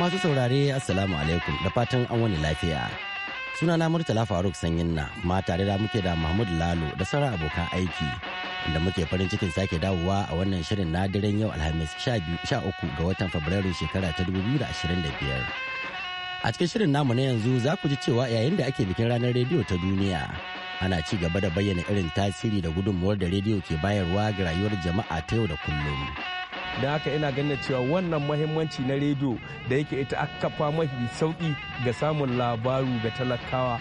Masu saurare Assalamu alaikum da fatan an wani lafiya. Suna na Murtala Faruk Sanyin na kuma tare da muke da Mahmud Lalo da sauran abokan aiki da muke farin cikin sake dawowa a wannan shirin na daren yau Alhamis 13 ga watan Fabrairu shekara ta 2025. A cikin shirin namu na yanzu za ku ji cewa yayin da ake bikin ranar rediyo ta duniya ana ci gaba da bayyana irin tasiri da gudunmuwar da rediyo ke bayarwa ga rayuwar jama'a ta yau da kullum. da haka ina ganin cewa wannan mahimmanci na rediyo da yake ita aka kafa mafi sauki ga samun labaru ga talakawa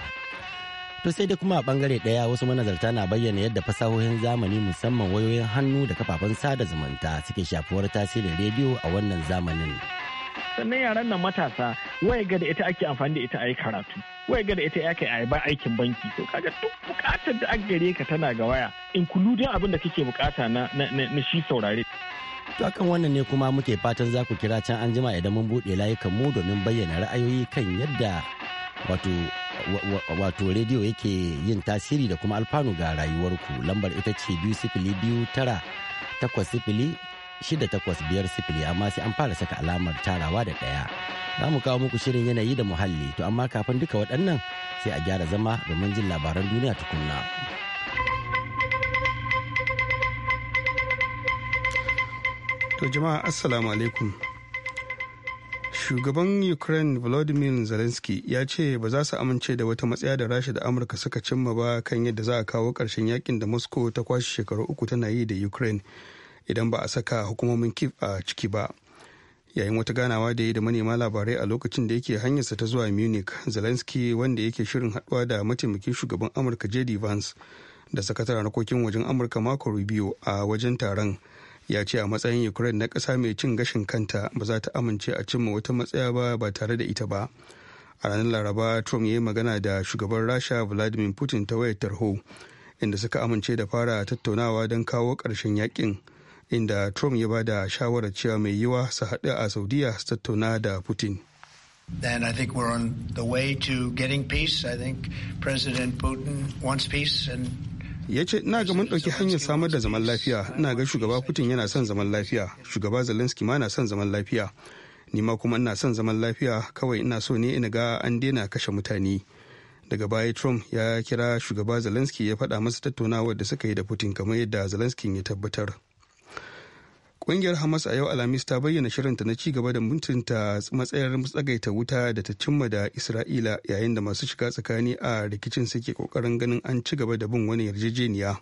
to sai da kuma a bangare daya wasu manazarta na bayyana yadda fasahohin zamani musamman wayoyin hannu da kafafen sada zumunta suke shafuwar tasirin rediyo a wannan zamanin sannan yaran nan matasa waye ga da ita ake amfani da ita a yi karatu waye ga da ita ake a ba aikin banki to kaga duk bukatar da aka gare ka tana ga waya inkuludin abin da kake bukata na shi saurare To wannan ne kuma muke fatan za ku kira can an jima idan mun buɗe layukan mu domin bayyana ra'ayoyi kan yadda wato rediyo yake yin tasiri da kuma alfanu ga rayuwarku lambar ita ce biyu sifili biyu tara takwas sifili shida takwas biyar sifili amma sai an fara saka alamar tarawa da ɗaya za mu kawo muku shirin yanayi da muhalli to amma kafin duka waɗannan sai a gyara zama domin jin labaran duniya tukunna. To jama'a assalamu alaikum. Shugaban Ukraine Volodymyr Zelensky ya ce ba za su amince da wata matsaya da Rasha da Amurka suka cimma ba kan yadda za a kawo ƙarshen yakin da Moscow ta kwashe shekaru uku tana yi da Ukraine idan ba a saka hukumomin kif a ciki ba. Yayin wata ganawa da yi da manema labarai a lokacin da yake hanyarsa ta zuwa Munich, Zelensky wanda yake shirin haɗuwa da mataimakin shugaban Amurka JD Vance da sakataren harkokin wajen Amurka mako Rubio a wajen taron. ya ce a matsayin ukraine na ƙasa mai cin gashin kanta ba za ta amince a cimma wata matsaya ba ba tare da ita ba a ranar laraba trump ya yi magana da shugaban rasha vladimir putin ta wayar tarho inda suka amince da fara tattaunawa don kawo ƙarshen yakin inda trump ya ba da shawarar cewa mai yiwa su haɗu a saudiya su tattauna da putin And I think we're on the way to getting peace. I think President Putin wants peace, and ya ce ina ga mun ɗauki hanyar samar da zaman lafiya ina ga shugaba putin yana son zaman lafiya shugaba zelensky ma na son zaman lafiya ni ma kuma ina son zaman lafiya kawai ina so ne ina ga an daina kashe mutane daga baya trump ya kira shugaba zelensky ya faɗa masa tattaunawar da suka yi da putin kamar yadda zelensky ya tabbatar Ƙungiyar Hamas a yau Alhamis ta bayyana shirinta na ci gaba da mutunta matsayar tsagaita wuta da ta cimma da Isra'ila yayin da masu shiga tsakani a rikicin suke kokarin ganin an ci gaba da bin wani yarjejeniya.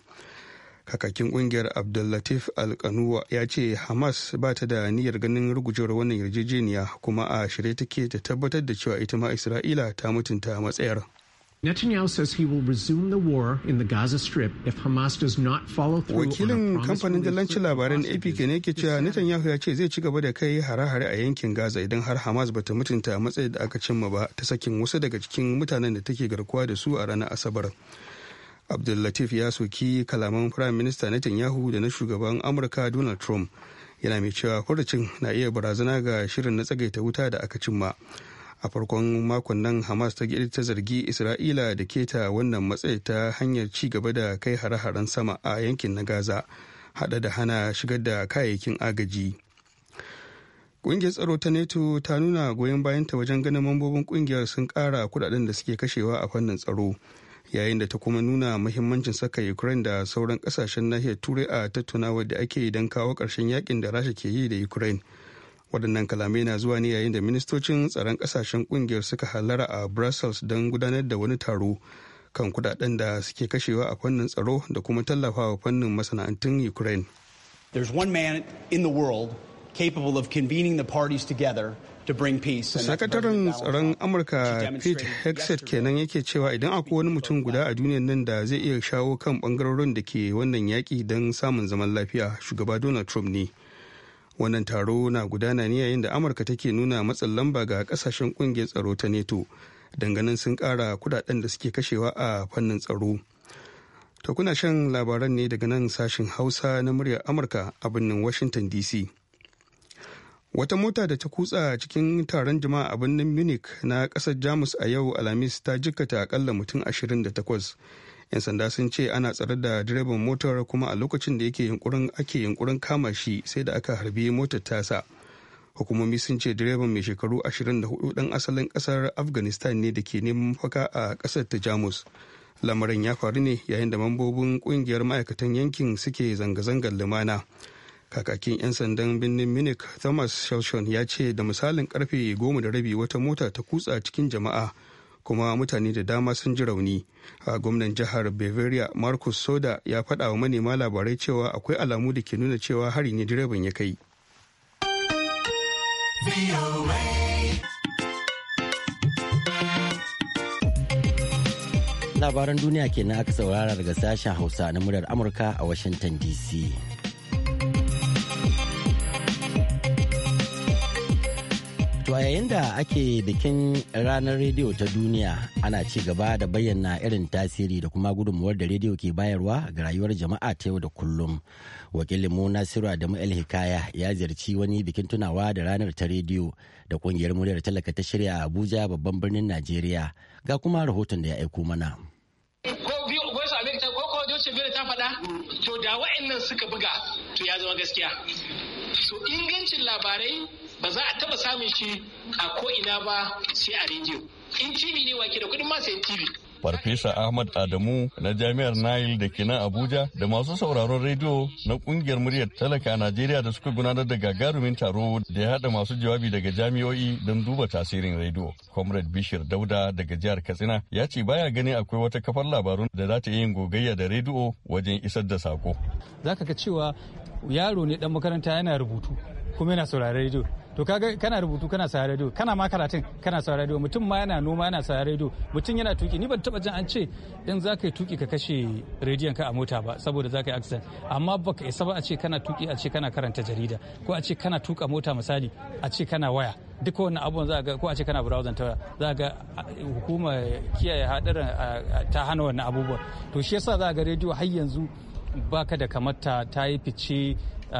Kakakin ƙungiyar Abdullatif Alkanuwa ya ce Hamas ba ta da niyyar ganin rugujewar wannan yarjejeniya kuma a shirye take ta tabbatar da cewa ita ma Isra'ila ta mutunta matsayar. Netanyahu says he will resume the war in the Gaza Strip if Hamas does not follow through Wakilin kamfanin dillancin labaran APK ne ke cewa Netanyahu ya ce zai ci gaba da kai hare-hare a yankin Gaza idan har Hamas bata mutunta matsayin da aka cimma ba ta sakin wasu daga cikin mutanen da take garkuwa da su a ranar Asabar. Abdullatif ya soki kalaman Firayim Minista Netanyahu da na shugaban Amurka Donald Trump yana mai cewa kwarcin na iya barazana ga shirin na tsagaita wuta da aka cimma. a farkon makon nan hamas ta ta zargi isra'ila da keta wannan matsayi ta hanyar ci gaba da kai hare-haren sama a yankin na gaza hada da hana shigar da kayayyakin agaji ƙungiyar tsaro ta neto ta nuna goyon bayanta wajen ganin mambobin ƙungiyar sun kara kudaden da suke kashewa a fannin tsaro yayin da ta kuma nuna mahimmancin saka ukraine da sauran kasashen nahiyar turai a tattaunawar da ake don kawo ƙarshen yakin da rasha ke yi da ukraine waɗannan kalamai na zuwa ne yayin da ministocin tsaron ƙasashen ƙungiyar suka halara a brussels don gudanar da wani taro kan kudaden da suke kashewa a fannin tsaro da kuma tallafawa fannin masana'antun ukraine there's one man in world capable of convening the parties together sakataren tsaron amurka pete hexet kenan yake cewa idan akwai wani mutum guda a duniyar nan da zai iya shawo kan bangarorin da ke wannan yaki don samun zaman lafiya shugaba donald trump ne wannan taro na gudana ne yayin da amurka take nuna matsin lamba ga kasashen kungiyar tsaro ta neto dangane sun kara kudaden da suke kashewa a fannin tsaro to kuna shan labaran ne daga nan sashen hausa na muryar amurka a birnin washington dc wata mota da ta kutsa cikin taron jama'a a birnin munich na kasar jamus a yau alhamis ta jikkata akalla mutum 28 'yan sanda sun ce ana tsare da direban motar kuma a lokacin da yake yunkurin ake yunkurin kama shi sai da aka harbi motar tasa hukumomi sun ce direban mai shekaru 24 dan asalin kasar afghanistan ne da ke neman faka a kasar ta jamus lamarin ya faru ne yayin da mambobin kungiyar ma'aikatan yankin suke zanga-zangar lumana kakakin 'yan sandan birnin munich thomas shelshon ya ce da misalin karfe goma da rabi wata mota ta kutsa cikin jama'a kuma mutane da dama sun ji rauni a gwamnan jihar bavaria marcus soda ya faɗa wa manema labarai cewa akwai alamu da ke nuna cewa hari ne direban ya kai labaran duniya kenan aka saurara daga sashen hausa na muryar amurka a washington dc a yayin da ake bikin ranar rediyo ta duniya ana ci gaba da bayyana irin tasiri da kuma gudunmuwar da rediyo ke bayarwa ga rayuwar jama'a ta yau da kullum wakilin mu nasiru adamu el hikaya ya ziyarci wani bikin tunawa da ranar ta rediyo da kungiyar muryar talaka ta shirya abuja babban birnin najeriya ga kuma rahoton da ya aiko mana ta faɗa to da suka buga to ya zama gaskiya so ingancin labarai ba za a taba samun shi a ko ina ba sai a rediyo in tv ne wake da kudin ma sai tv Farfesa Ahmad Adamu na Jami'ar Nile da ke nan Abuja da masu sauraron rediyo na kungiyar muryar talaka a Najeriya da suka gudanar da gagarumin taro da ya haɗa masu jawabi daga jami'o'i don duba tasirin rediyo. Comrade Bishir Dauda daga jihar Katsina ya ce baya gani akwai wata kafar labarun da za ta yin gogayya da rediyo wajen isar da sako. Za ka ga cewa yaro ne dan makaranta yana rubutu kuma yana sauraron rediyo. to kaga kana rubutu kana sa radio kana ma karatun kana sa radio mutum ma yana noma yana sa radio mutum yana tuki ni ban taba jin an ce in za ka yi tuki ka kashe rediyon ka a mota ba saboda za ka yi accident amma baka isa ba a ce kana tuki a ce kana karanta jarida ko a ce kana tuka mota misali a ce kana waya duk wannan abubuwan za ga ko a ce kana browser ta za ga hukumar kiyaye hadarin ta hana wannan abubuwan to shi yasa za ga rediyo har yanzu baka da kamata ta yi fice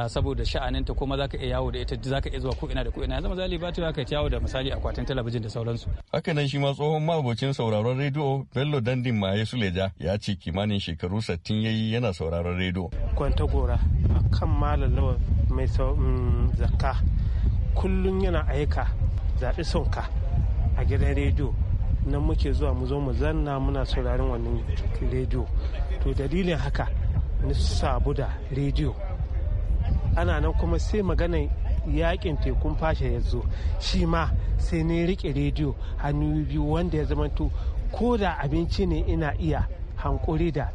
saboda sha'aninta kuma ka iya yawo da ita za ka iya zuwa ko'ina da ko'ina ina yanzu misali ba ta zaka yawo da misali akwatin talabijin da sauransu haka nan shi ma tsohon mabocin sauraron rediyo Bello Dandin Maye Suleja ya ce kimanin shekaru 60 yayi yana sauraron rediyo kwanta gora akan lawa mai mm, zakka kullum yana aika zaɓi sonka a gidan rediyo nan muke zuwa mu zo mu zanna muna sauraron wannan rediyo to dalilin haka ni sabu da rediyo ana nan kuma sai maganan yakin tekun fasha ya zo shi ma sai ne rike rediyo hannu biyu wanda ya zamanto ko da abinci ne ina iya hankuri da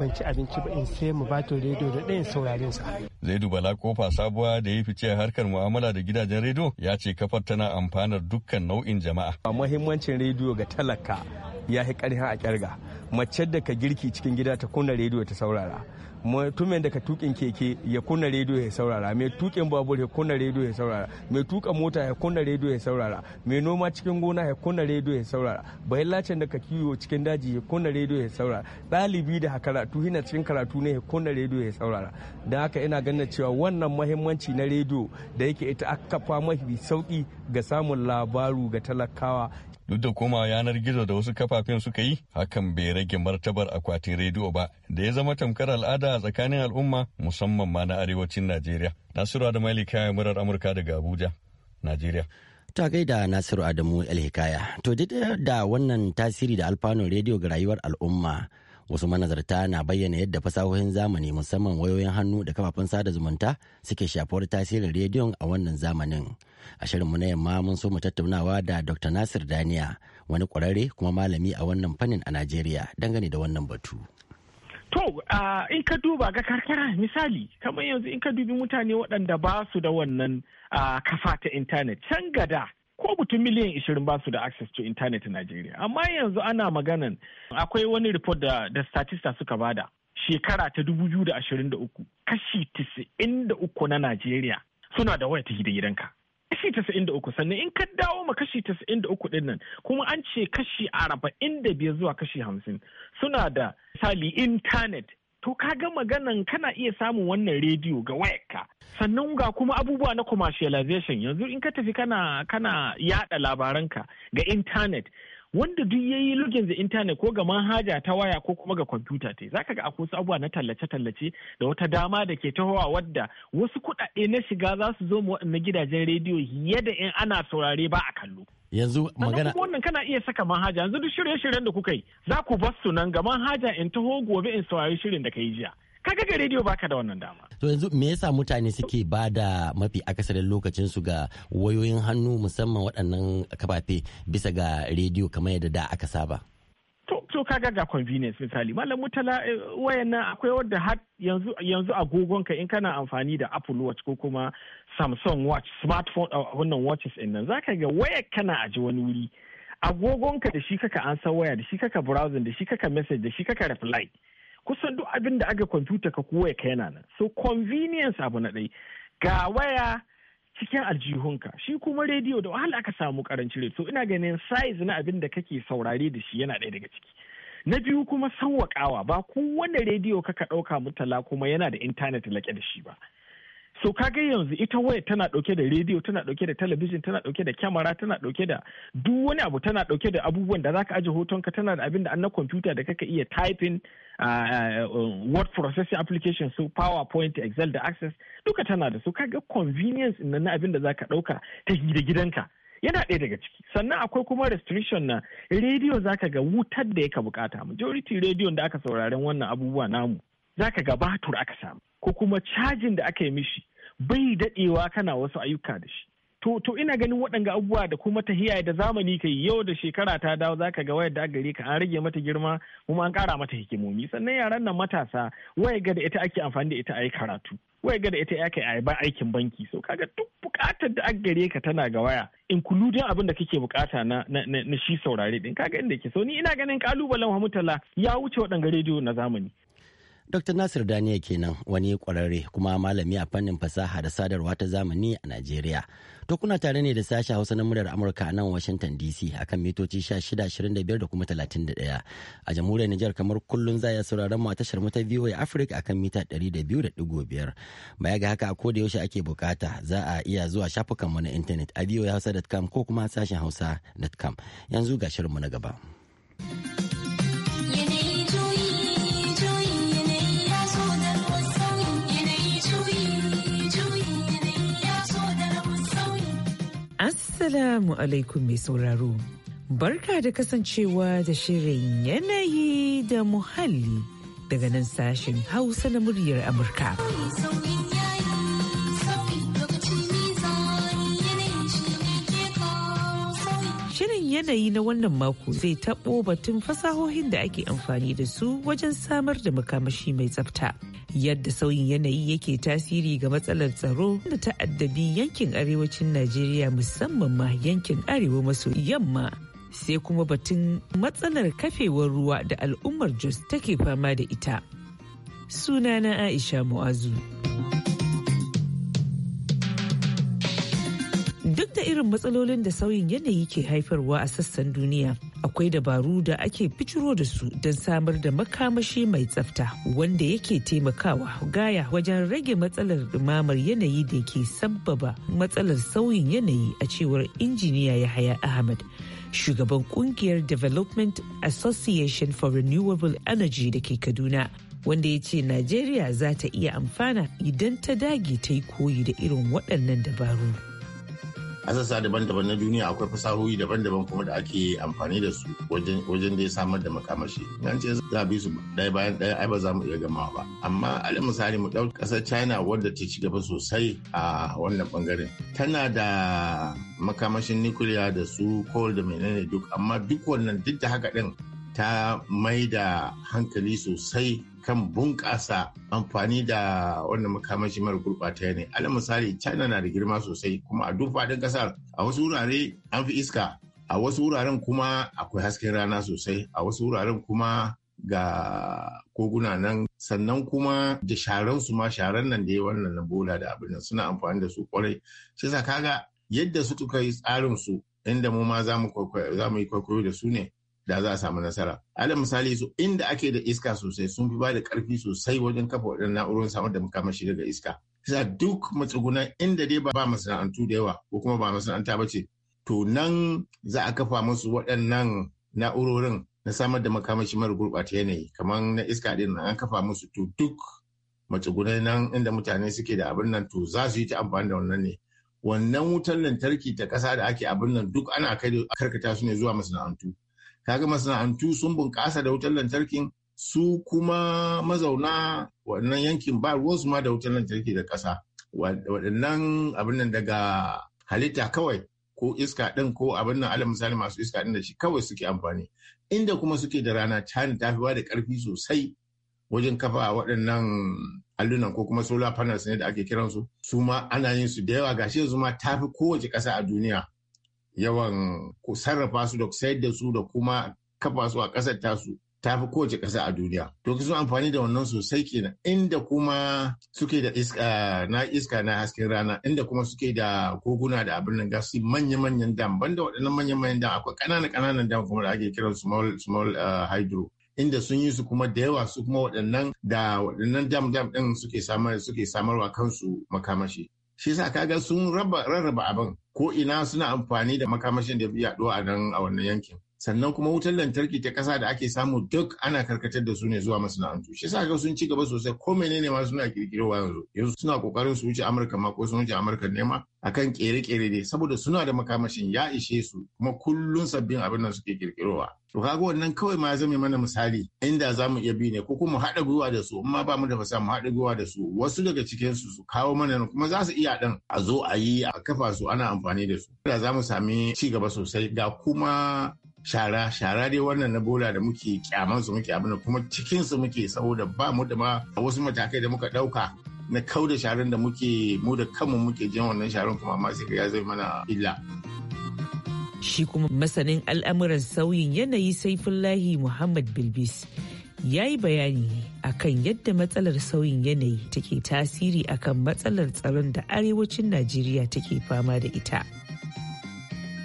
ban ci abinci ba in sai mu bato rediyo da ɗayan saurarinsa sa. Zaidu Bala kofa sabuwa da ya fice harkar mu'amala da gidajen rediyo ya ce kafar tana amfanar dukkan nau'in jama'a. Muhimmancin rediyo ga talaka ya fi ƙarfin a ƙyarga mace da ka girki cikin gida ta kunna rediyo ta saurara mutumin da ka tukin keke ya kunna rediyo ya saurara mai tukin babur ya kunna rediyo ya saurara mai tuka mota ya kunna rediyo ya saurara mai noma cikin gona ya kunna rediyo ya saurara bayan lacin da ka kiwo cikin daji ya kunna rediyo ya saurara ɗalibi da karatu hina cikin karatu ne ya kunna rediyo ya saurara da haka ina ganin cewa wannan mahimmanci na rediyo da yake ita aka fa mafi sauki ga samun labaru ga talakawa duk da koma yanar gizo da wasu kafafen suka yi hakan bai rage martabar akwatin rediyo ba da ya zama tamkar al'ada a tsakanin al'umma musamman ma na arewacin najeriya nasiru adamu alhikaya murar amurka daga abuja najeriya Ta gaida Nasiru Adamu alhikaya Hikaya. To da wannan tasiri da alfanun rediyo ga rayuwar al'umma wasu manazarta na bayyana yadda fasahohin zamani musamman wayoyin hannu da kafafen sada zumunta suke shafuwar tasirin rediyon a wannan zamanin a shirinmu na yamma mun so mu tattaunawa da dr nasir daniya wani kwararre kuma malami a wannan fannin a najeriya dangane da wannan batu To, uh, in ka duba ga karkara misali, kamar yanzu in ka dubi mutane waɗanda ba su da wannan uh, kafa ta intanet, can gada ko mutum miliyan 20 ba su da access to internet a Najeriya. Amma yanzu ana maganan akwai wani report da, da statista suka bada shekara ta 2023 kashi 93 na Najeriya suna da waya ta gidanka. Kashi 93 sannan in ka dawo ma kashi 93 din nan kuma an ce kashi 45 zuwa kashi 50 suna da sali internet to ka ga maganan kana iya samun wannan rediyo ga wayarka sannan ga kuma abubuwa na commercialization yanzu in ka tafi kana kana yada labaranka ga intanet wanda duk yayi login da intanet ko ga manhaja ta waya ko kuma ga kwamfuta ta zaka ga akwai abubuwa na tallace-tallace da wata dama da ke tahowa wadda wasu kuɗaɗe na shiga za su zo mu waɗannan gidajen rediyo yadda in ana saurare ba a kallo yanzu magana kuma wannan kana iya saka manhaja yanzu duk shirye-shiryen da kuka yi za ku bar su nan ga manhaja in taho gobe in saurari shirin da ka yi jiya ka ga rediyo baka da wannan dama to yanzu me yasa mutane suke ba da mafi akasarin lokacin su ga wayoyin hannu musamman waɗannan kafafe bisa ga rediyo kamar yadda da aka saba to kaga ga ga convenience misali malam mutala eh, wayan nan akwai wadda har yanzu yanzu agogonka in kana amfani da apple watch ko kuma samsung watch smartphone ah, wannan watches din nan zaka ga wayar kana aji wani wuri agogonka da shi kaka ansa waya da shi kaka browsing da shi kaka message da shi kaka reply kusan duk abin da aka kwamfuta ka ko ka yana nan so convenience abu na dai ga waya cikin aljihunka shi kuma rediyo da wahala aka samu karanci rediyo ina ganin size na abin da kake saurare da shi yana ɗaya daga ciki na biyu kuma sauwaƙawa ba kowane rediyo kaka ɗauka mutala kuma yana da intanet laƙe da shi ba so kaga yanzu ita waya tana dauke da rediyo tana dauke da talabijin tana dauke da kyamara tana dauke da duk wani abu tana dauke da abubuwan da zaka aje ka tana da abin da an na kwamfuta da kaka iya typing uh, word processing application su so powerpoint excel da access duka tana da su so kaga convenience na abin da zaka dauka ta gida gidanka yana ɗaya daga ciki sannan akwai kuma restriction na rediyo zaka ga wutar da yaka bukata majority rediyon da aka sauraren wannan abubuwa namu za ka ga batur aka samu ko kuma cajin da aka yi mishi bai daɗewa kana wasu ayyuka da shi to to ina ganin waɗanga abubuwa da kuma ta hiyaye da zamani kai yau da shekara ta dawo zaka ga wayar da gare ka an rage mata girma kuma an ƙara mata hikimomi sannan yaran nan matasa waya ga da ita ake amfani da ita ayi karatu waya ga da ita ake ayi ba aikin banki so kaga duk buƙatar da gare ka tana ga waya inkludin abin da kake buƙata na na shi saurare din kaga inda ke so ni ina ganin kalubalen mutala ya wuce waɗanga rediyo na zamani Dr. Nasir Daniel kenan wani kwararre kuma malami a fannin fasaha da sadarwa ta zamani a Najeriya. To kuna tare ne da sashen Hausa na muryar Amurka a nan Washington DC akan mitoci 1625 da kuma 31. A jamhuriyar Nijar kamar kullun za ya sauraron mu a tashar mu ta VOA Africa akan mita 200.5. Baya ga haka a da yaushe ake bukata za a iya zuwa shafukan mu na intanet a voahausa.com ko kuma sashen hausa.com. Yanzu ga shirin mu na gaba. Assalamu alaikum mai sauraro. Barka da kasancewa da shirin yanayi da muhalli daga nan sashen Hausa na muryar Amurka. Shirin yanayi na wannan mako zai taɓo batun fasahohin da ake amfani da su wajen samar da makamashi mai tsafta. Yadda sauyin yanayi yake tasiri ga matsalar tsaro da ta'addabi yankin arewacin Najeriya musamman ma yankin arewa maso yamma. Sai kuma batun matsalar kafewar ruwa da al'ummar Jos take fama da ita. Sunana Aisha Mu'azu. Duk da irin matsalolin da sauyin yanayi ke haifarwa a sassan duniya, akwai dabaru da ake fituro da su don samar da makamashi mai tsafta wanda yake taimakawa gaya wajen rage matsalar dumamar yanayi da ke sabbaba matsalar sauyin yanayi a cewar injiniya Yahaya Ahmad. Shugaban kungiyar Development Association for Renewable Energy da ke Kaduna. wanda ya ce Najeriya za ta iya amfana idan ta dage ta yi koyi da irin waɗannan dabaru. a sassa daban-daban na duniya akwai fasahohi daban-daban kuma da ake amfani da su wajen da ya samar da makamashi nan ce za a bi su ɗaya bayan ɗaya ai ba za mu iya gama ba amma ala misali mu ɗau ƙasar china wadda ta ci gaba sosai a wannan bangaren tana da makamashin nukiliya da su ko da menene duk amma duk wannan duk da haka ɗin ta mai da hankali sosai kan bunƙasa amfani da wannan makamashi mara gurɓata yanayi ala misali china na da girma sosai kuma a duk faɗin ƙasar a wasu wurare an fi iska a wasu wuraren kuma akwai hasken rana sosai a wasu wuraren kuma ga koguna nan sannan kuma da sharan su ma sharan nan da yi wannan na bola da abin nan suna amfani da su kwarai shi sa kaga yadda su suka yi tsarin su inda mu ma za mu yi kwaikwayo da su ne da za a samu nasara. Alal misali su inda ake da iska sosai sun fi ba da ƙarfi sosai wajen kafa waɗannan na'urorin samar da makamashi daga iska. Sa duk matsugunan inda dai ba masana'antu da yawa ko kuma ba masana'anta ba ce. To nan za a kafa musu waɗannan na'urorin na samar da makamashi mara gurɓata yanayi kamar na iska ɗin nan an kafa musu to duk matsugunan nan inda mutane suke da abin nan to za su yi ta amfani da wannan ne. Wannan wutar lantarki ta ƙasa da ake abin nan duk ana karkata su ne zuwa masana'antu. ga masana'antu sun bunƙasa da wutar lantarkin su kuma mazauna waɗannan yankin ba su ma da wutar lantarki da ƙasa waɗannan abin nan daga halitta kawai ko iska ɗin ko abin nan alal misali masu iska ɗin da shi kawai suke amfani inda kuma suke da rana cani ta fi da ƙarfi sosai wajen kafa waɗannan allunan ko kuma solar panels ne da ake kiransu su ma ana yin su da yawa gashi yanzu ma ta fi kowace ƙasa a duniya yawan sarrafa su da sayar da su da kuma kafa su a ƙasar tasu ta fi kowace ƙasa a duniya. To sun amfani da wannan sosai kenan inda kuma suke da iska na iska na hasken rana inda kuma suke da koguna da abin nan gasi manya-manyan dam banda waɗannan manya-manyan dam akwai ƙananan-ƙananan dam kuma da ake kiran small small eh, hydro inda sun yi su kuma da yawa su kuma waɗannan da waɗannan dam dam ɗin suke samarwa kansu makamashi shi sa kaga sun rarraba abin ko ina suna amfani da makamashin da ya yaɗo a nan a wannan yankin sannan kuma wutar lantarki ta kasa da ake samu duk ana karkatar da su ne zuwa masana'antu shi sa ga sun ci gaba sosai ko menene ma suna kirkirowa yanzu yanzu suna kokarin su wuce Amurka ma ko sun wuce Amurka ne ma akan kere-kere ne saboda suna da makamashin ya ishe su kuma kullun sabbin abin nan suke kirkirowa to kaga wannan kawai ma zame mana misali inda za mu iya bi ne ko kuma haɗa gwiwa da su amma ba mu da fasa mu haɗa gwiwa da su wasu daga cikin su su kawo mana kuma za su iya ɗan a zo a yi a kafa su ana amfani da su da za mu sami ci gaba sosai ga kuma shara shara dai wannan na bola da muke kyaman su muke abin kuma cikin su muke saboda ba mu da ma wasu matakai da muka dauka na kau da sharan da muke mu da kanmu muke jin wannan sharan kuma amma sai ya zai mana illa shi kuma masanin al'amuran sauyin yanayi saifullahi muhammad bilbis ya yi bayani akan yadda matsalar sauyin yanayi take tasiri akan matsalar tsaron da arewacin najeriya take fama da ita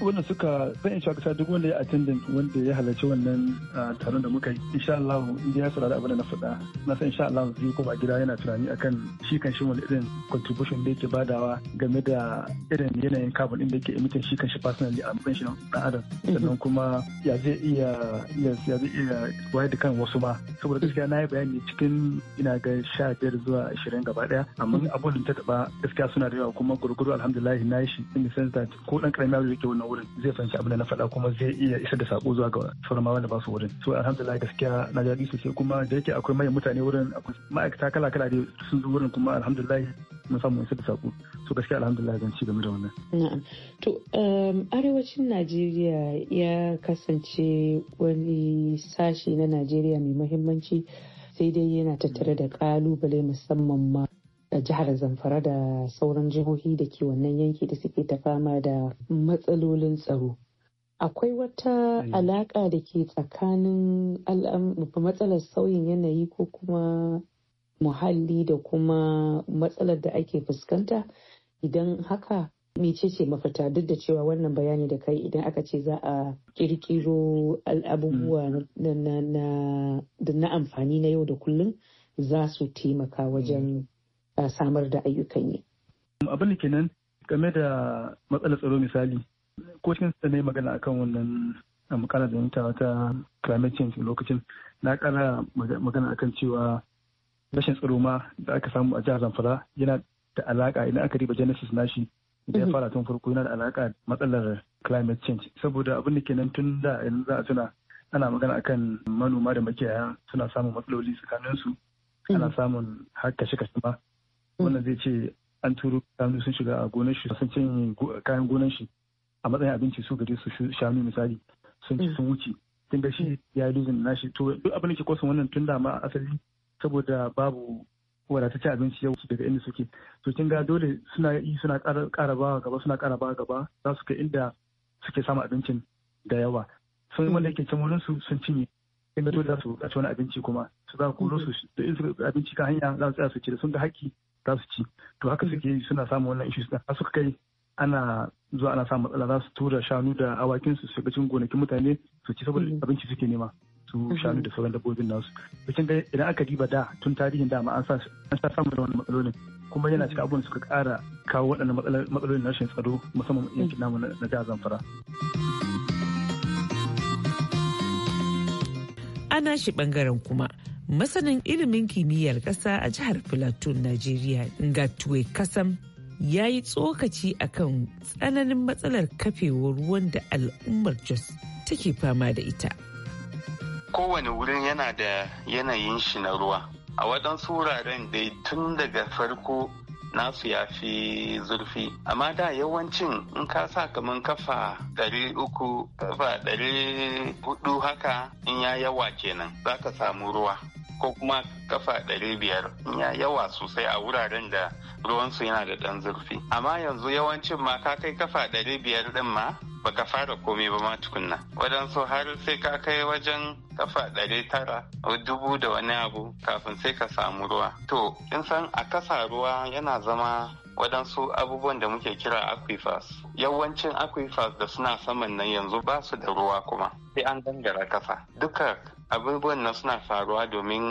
wannan suka zan in shaka duk wanda ya attendant wanda ya halarci wannan ah, taron da muka yi insha Allah in ya saurari abin da na faɗa na san insha Allah zai koma gida yana tunani akan shi kan shi wani irin contribution da yake badawa game da irin yanayin carbon din da yake emitting shi kan shi personally a matsayin shi na adam mhm. sannan kuma ya zai iya ya zai iya wayar da kan wasu ma saboda gaskiya na yi bayani cikin ina ga sha biyar zuwa ashirin gaba daya amma mhm. abun da ta taɓa gaskiya suna da yawa kuma gurguru alhamdulillah na yi shi in the sense that ko ɗan ƙaramin yake wannan wurin zai fahimci abin da na faɗa kuma zai iya isar da saƙo zuwa ga sauran ma wanda ba su wurin so alhamdulillah gaskiya na daɗi sosai kuma da yake akwai mai mutane wurin ma'aikata kala kala da sun zo wurin kuma alhamdulillah mun samu isar da saƙo. so gaskiya alhamdulillah zan ci game da wannan na'am to um, arewacin Najeriya ya kasance wani sashi na Najeriya mai muhimmanci sai dai yana tattare da ƙalubale musamman ma a jihar zamfara da sauran jihohi da ke wannan yanki da suke ta fama da matsalolin tsaro akwai wata hmm. alaƙa da ke tsakanin matsalar sauyin yanayi ko kuma muhalli da kuma matsalar da ake fuskanta idan haka mecece mafita duk da cewa wannan bayani da kai idan aka ce za a kirkiro al'abubuwa hmm. na amfani na yau da kullum za su taimaka wajen samar da ayyukan yi. Abin da kenan game da matsalar tsaro misali ko cikin sa ne magana akan wannan mukalar da mutawa ta climate change lokacin na kara magana akan cewa rashin tsaro ma da aka samu a jihar Zamfara yana da alaka idan aka riba genesis nashi da ya mm-hmm. fara tun farko yana da alaka matsalar climate change saboda abin da kenan tun da yanzu za a tuna ana magana akan manoma da makiyaya suna samun matsaloli tsakaninsu ana mm-hmm. samun har kashe kashe ma wannan zai ce an turo shanu sun shiga a gonar shi sun cin kayan gonar shi a matsayin abinci su gaje su shanu misali sun ci mm. sun wuce tun da shi mm. ya yi na shi to duk abin da ke kosan wannan tun da ma asali saboda babu wadatacce abinci yau daga inda suke to kin ga dole suna yi suna kara ba gaba suna kara ba gaba za su kai inda suke samun abincin da yawa sun wanda mm. yake can wurin su sun cinye inda dole za su buƙaci wani abinci kuma su za ku mm-hmm. su da abinci ka hanya za su tsaya su ci da sun ga haƙƙi za su ci to haka mm. suke suna samun wannan ishi suna suka kai ana zuwa ana samun matsala za su tura shanu da awakin su su cikin gonakin mutane su ci saboda mm. abinci suke nema su mm-hmm. shanu da sauran dabbobin nasu bikin da idan aka diba da tun tarihin dama an sa samun da wannan matsalolin kuma yana cikin abubuwan suka kara kawo waɗannan matsalolin na rashin tsaro musamman yankin namu na da zamfara. ana shi bangaren kuma masanin ilimin kimiyyar kasa a jihar plateau nigeria gatwe kasam ya yi tsokaci akan tsananin matsalar kafewar ruwan da al'ummar jos take fama da ita kowane wurin yana da yanayin shi na ruwa a waɗansu wuraren dai tun daga farko nasu ya fi zurfi amma da yawancin in ka sa kamar kafa ɗari uku kafa ɗari hudu haka in ya yawa kenan za ka samu ruwa ko kuma kafa ɗari biyar in ya yawa sosai a wuraren da ruwansu yana da ɗan zurfi amma yanzu yawancin ma ka kai kafa ɗari biyar ɗin ma baka fara komai ba ma tukunna waɗansu har sai ka kai wajen kafa ɗari tara dubu da wani abu kafin sai ka samu ruwa to in san a kasa ruwa yana zama wadansu abubuwan da muke kira aquifers yawancin aquifers da suna saman nan yanzu ba su da ruwa kuma sai an gangara kasa duka abubuwan nan suna faruwa domin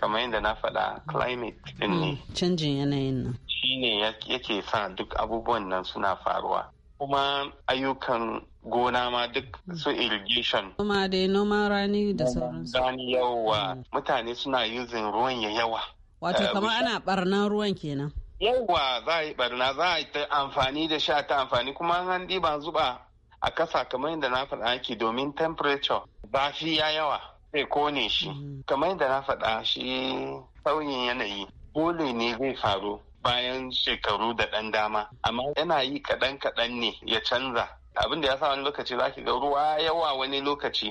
kamar yadda na faɗa climate din ne hmm, canjin yanayin nan Shi ne yake sa duk abubuwan nan suna faruwa kuma ayyukan gona ma duk su irrigation. Noma dai noman rani da sauransu. Rani yawa mm. mutane suna yuzin ruwan ya yawa. Wato eh, kamar ana barnan ruwan kenan. Yawa za a yi barna za a yi ta amfani da sha ta amfani kuma an ba zuba a kasa kamar yadda na faɗa ake domin temperature zafi ya yawa zai kone shi. Mm. Kamar yadda na faɗa shi sauyin yanayi dole ne zai faru. bayan shekaru da ɗan dama amma yana yi kaɗan kaɗan ne ya canza abin da ya sa wani lokaci zaki ga ruwa yawa wani lokaci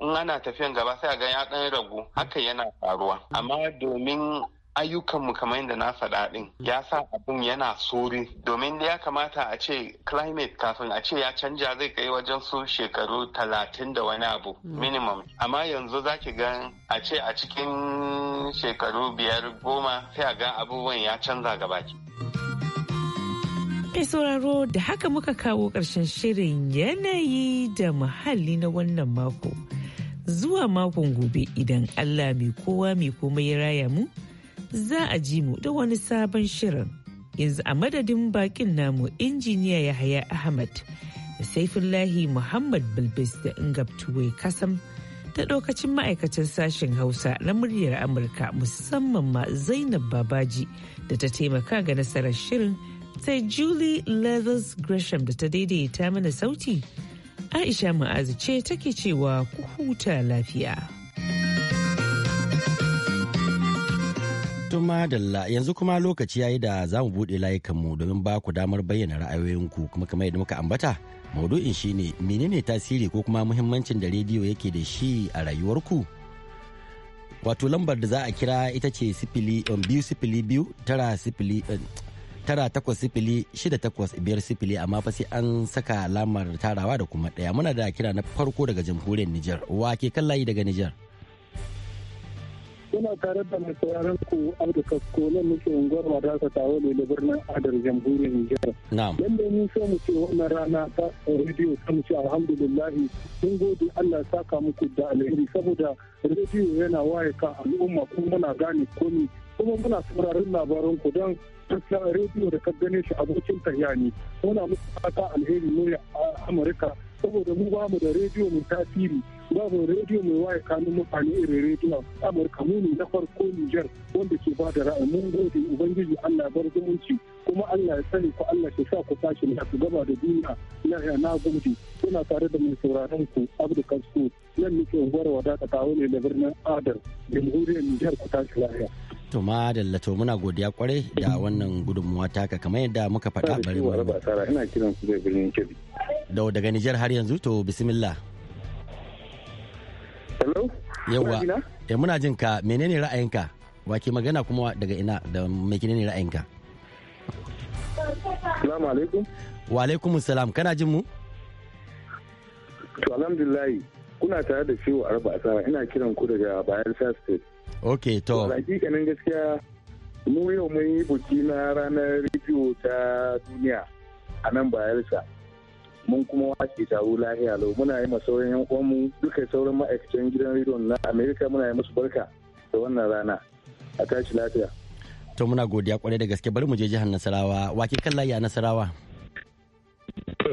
in ana tafiyan gaba sai a ga ya ɗan ragu haka yana faruwa amma domin ayyukanmu kamar yadda na faɗa ɗin mm. ya sa abun yana sori domin da ya kamata a ce climate kafin a ce ya canja zai kai wajen su shekaru talatin da wani abu mm. minimum amma yanzu za ki gan a ce a cikin shekaru biyar goma sai a ga abubuwan ya canza gabaki. Kai sauraro da haka muka kawo ƙarshen shirin yanayi da muhalli na wannan mako. Zuwa makon gobe idan Allah mai kowa mai komai ya raya mu za a ji mu da wani sabon shirin. Yanzu a madadin bakin namu injiniya Yahaya Ahmad da Saifullahi Muhammad Bilbis da Ingabtuwe Kasam ta ɗaukacin ma'aikacin sashen Hausa na muryar Amurka musamman ma Zainab Babaji da ta taimaka ga nasarar shirin sai Julie Leathers Gresham da ta daidaita mana sauti. Aisha Ma'azu ce take cewa ku huta lafiya. Tuma Dalla yanzu kuma lokaci yayi da za mu buɗe layukanmu domin ba ku damar bayyana ra'ayoyinku kuma kamar yadda muka ambata maudu'in shine menene tasiri ko kuma muhimmancin da rediyo yake da shi a rayuwarku? Wato lambar da za a kira ita ce sifili um, biyu sifili biyu tara sifili um, tara takwas sifili shida takwas biyar sifili amma fa sai an saka alamar tarawa da kuma ɗaya muna da kira na farko daga jamhuriyar Nijar wa ke kan layi daga Nijar? Kuna tare da mai sauraron ku Audu Kasko nan muke unguwar dasa Tawo ne da birnin Adar Jamhuriyar Nijar. Lallai mun so mu ce wannan rana ta rediyo ta mu ce alhamdulillahi sun gode Allah ya saka muku da alheri saboda rediyo yana waye kan al'umma kuma muna gane komi kuma muna sauraron labaran ku don gaskiya rediyo da ka gane shi abokin tahiya ne muna muku fata alheri ne a Amurka saboda mu ba mu da rediyo mu tasiri babu rediyo mai waye kanun mutane irin rediyon amurka muni na farko nijar wanda ke ba da ra'ayi mun gode ubangiji allah bar zumunci kuma allah ya sani ku allah ke sa ku tashi na su gaba da duniya na ya na gode suna tare da mai sauraron ku abdu kasko nan nake ungwar wadata kawo ne da birnin adar jamhuriyar nijar ku tashi lafiya. to ma muna godiya kwarai da wannan gudunmuwa taka kamar yadda muka fada bari mu ina kiran ku da birnin kebbi daga nijar har yanzu to bismillah Hello? Yawa. Ya eh, muna jin ka menene ra'ayinka? Wa ke magana kuma daga ina da me ne ra'ayinka? Assalamu alaikum. Wa alaikum salam kana jin mu? To alhamdulillah kuna tare da ciwo arba asara ina kiran ku daga Bayelsa State. Ok to. kanin gaskiya mu yau mun yi buki na ranar rediyo ta duniya a nan Bayelsa. mun kuma wace taro lahiya lau muna yi masu yan uwanmu duka sauran ma'aikacin gidan rediyon na amerika muna yi musu barka da wannan rana a tashi lafiya to muna godiya kwarai da gaske bari mu je jihar nasarawa wake kan layi a nasarawa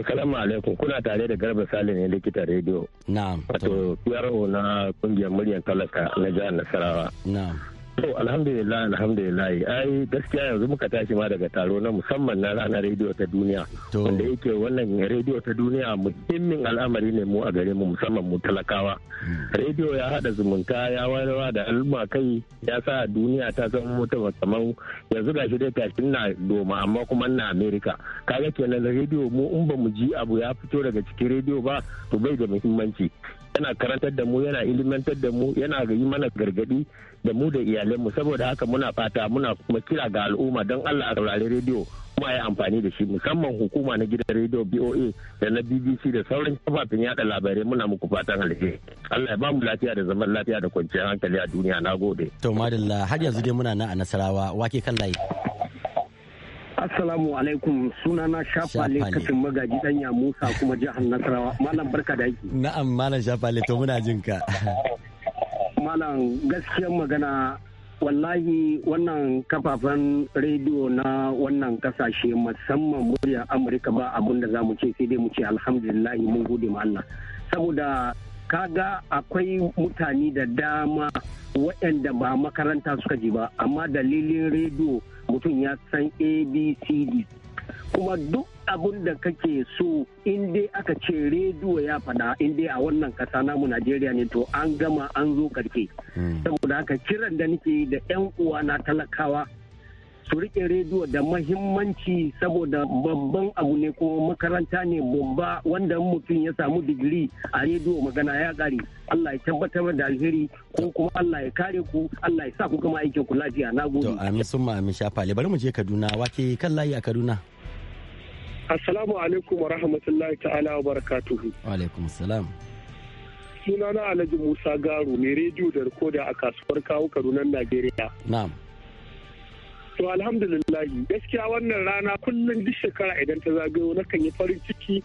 Salamu alaikum kuna tare da Garba Sale ne likita rediyo. Na'am. Wato yaro na kungiyar muryar talaka na jihar Nasarawa. Na'am. To alhamdulillah alhamdulillah ai gaskiya yanzu muka tashi ma daga taro na musamman na ranar rediyo ta duniya wanda yake wannan rediyo ta duniya muhimmin al'amari ne mu a gare mu musamman mu talakawa. Hmm. Rediyo ya hada zumunta ya wayarwa da al'umma kai ya sa duniya ta zama mota kamar yanzu gashi dai gashi na doma amma kuma na Amerika. Kaga kenan rediyo mu in ba mu ji abu ya fito daga cikin rediyo ba to bai da muhimmanci. yana karantar da mu yana ilimantar da mu yana yi mana gargadi da mu da iyalanmu saboda haka muna fata muna kuma kira ga al'umma don Allah a saurari rediyo kuma ya amfani da shi musamman hukuma na gidan rediyo BOA da na BBC da sauran kafafen yada labarai muna muku fatan alheri Allah ya ba mu lafiya da zaman lafiya da kwanciyar hankali a duniya gode. to madalla har yanzu dai muna nan a Nasarawa wake kan layi Assalamu alaikum sunana Shafale kafin magaji danya Musa kuma jihar Nasarawa. Malam barka da aiki. Na'am Malam Shafale to muna jin ka. Malam gaskiyar magana wallahi wannan kafafen rediyo na wannan kasashe musamman murya Amurka ba abun da zamu ce sai dai mu ce alhamdulillahi mun gode ma Allah. Saboda kaga akwai mutane da dama waɗanda ba makaranta suka ji ba amma dalilin rediyo mutum ya san abcd kuma duk abin da kake so in dai aka ce rediyo ya fada in dai a wannan kasa namu najeriya ne to an gama an zo karke hmm. saboda haka kiran da nake da yan uwa na talakawa su rike rediyo da mahimmanci saboda babban abu ne ko makaranta ne babba wanda mutum ya samu digiri a rediyo magana ya gari Allah ya tabbatar da alheri ko kuma Allah ya kare ku Allah ya sa ku kuma aikin ku lafiya na gode to amin sun ma amin shafa bari mu je Kaduna wake kan layi a Kaduna Assalamu alaikum wa rahmatullahi ta'ala wa barakatuhu wa alaikum assalam sunana Alhaji Musa Garu ne rediyo da rikoda a kasuwar kawo Kaduna Najeriya na'am To alhamdulillahi gaskiya wannan rana kullum duk shekara idan ta zagayo nakan yi farin ciki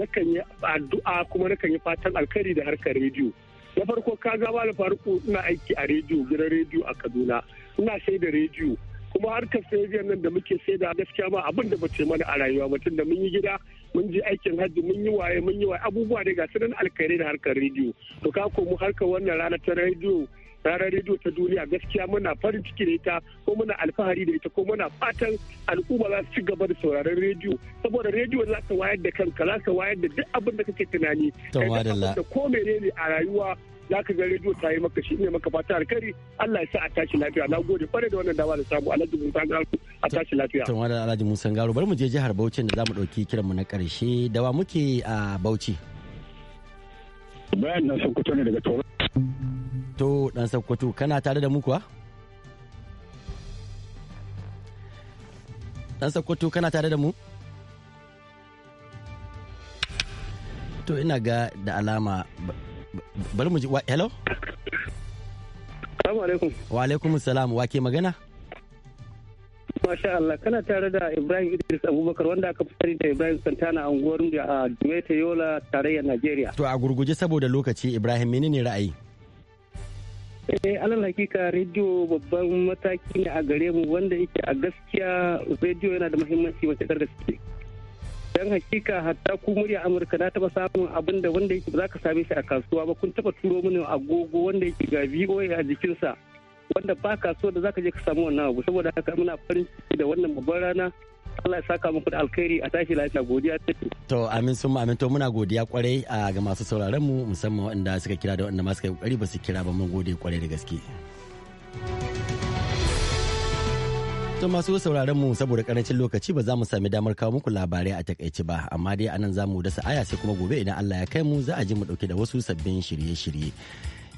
nakan yi addu'a kuma nakan yi fatan alkari da harkar rediyo. Na farko ka ga ba da faruku ina aiki a rediyo gidan rediyo a Kaduna ina sai da rediyo kuma harkar sayar nan da muke sai da gaskiya ba abin da bace mana a rayuwa mutum da mun yi gida mun je aikin hajji mun yi waye mun yi waye abubuwa da gasu nan alkari da harkar rediyo to ka komu harkar wannan rana ta rediyo ranar rediyo ta duniya gaskiya muna farin ciki da ita ko muna alfahari da ita ko muna fatan al'umma za su ci gaba da sauraron rediyo saboda rediyo za ka wayar da kanka za ka wayar da duk abin da kake tunani da ko menene a rayuwa za ka ga rediyo ta yi maka shi ne maka fata alkari Allah ya sa a tashi lafiya na gode kwarai da wannan dama da samu Alhaji Musa Garo a tashi lafiya to wani Alhaji Musa Garo bari mu je jihar Bauchi da zamu dauki kiran mu na karshe da wa muke a Bauchi bayan nan sun kuto ne daga Toro Sokoto ɗan Sokoto kana tare da mu kuwa? Ɗan Sokoto kana tare da mu? To ina ga da alama bari mu ji wa hello? Assalamu alaikum. Wa alaikum salam wa ke magana? Masha Allah kana tare da Ibrahim Idris Abubakar wanda aka fitar da Ibrahim Santana a unguwar a Dumeta Yola tarayyar Najeriya. To a gurguje saboda lokaci Ibrahim menene ra'ayi? Eh, alal hakika rediyo babban mataki ne a gare mu wanda yake a gaskiya rediyo yana da muhimmanci da gaske. Dan hakika hatta ku murya Amurka na taba samun abin da wanda yake ba za ka same shi a kasuwa ba kun taba turo mini agogo wanda yake ga VOA a jikinsa. Wanda ba kasuwa da za ka je ka samu wannan abu saboda haka muna farin ciki da wannan babban rana Allah ya saka muku da alkhairi a tashi lafiya godiya To amin sun amin to muna godiya kwarai ga masu sauraron mu musamman waɗanda suka kira da waɗanda ma suka kokari ba su kira ba mun gode kwarai da gaske. To masu sauraron mu saboda karancin lokaci ba za mu sami damar kawo muku labarai a takaici ba amma dai anan za mu dasa aya sai kuma gobe idan Allah ya kai mu za a ji mu dauke da wasu sabbin shirye-shirye.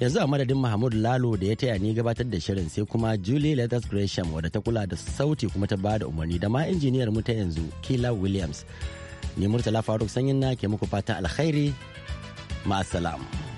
yanzu a madadin mahmud lalo da ya taya ni gabatar da shirin sai kuma julie letters gresham wadda ta kula da sauti kuma ta bada umarni da ma injiniyar mu ta yanzu kila williams ne murtala faruk sanyin na ke muku fatan alkhairi ma'asalam.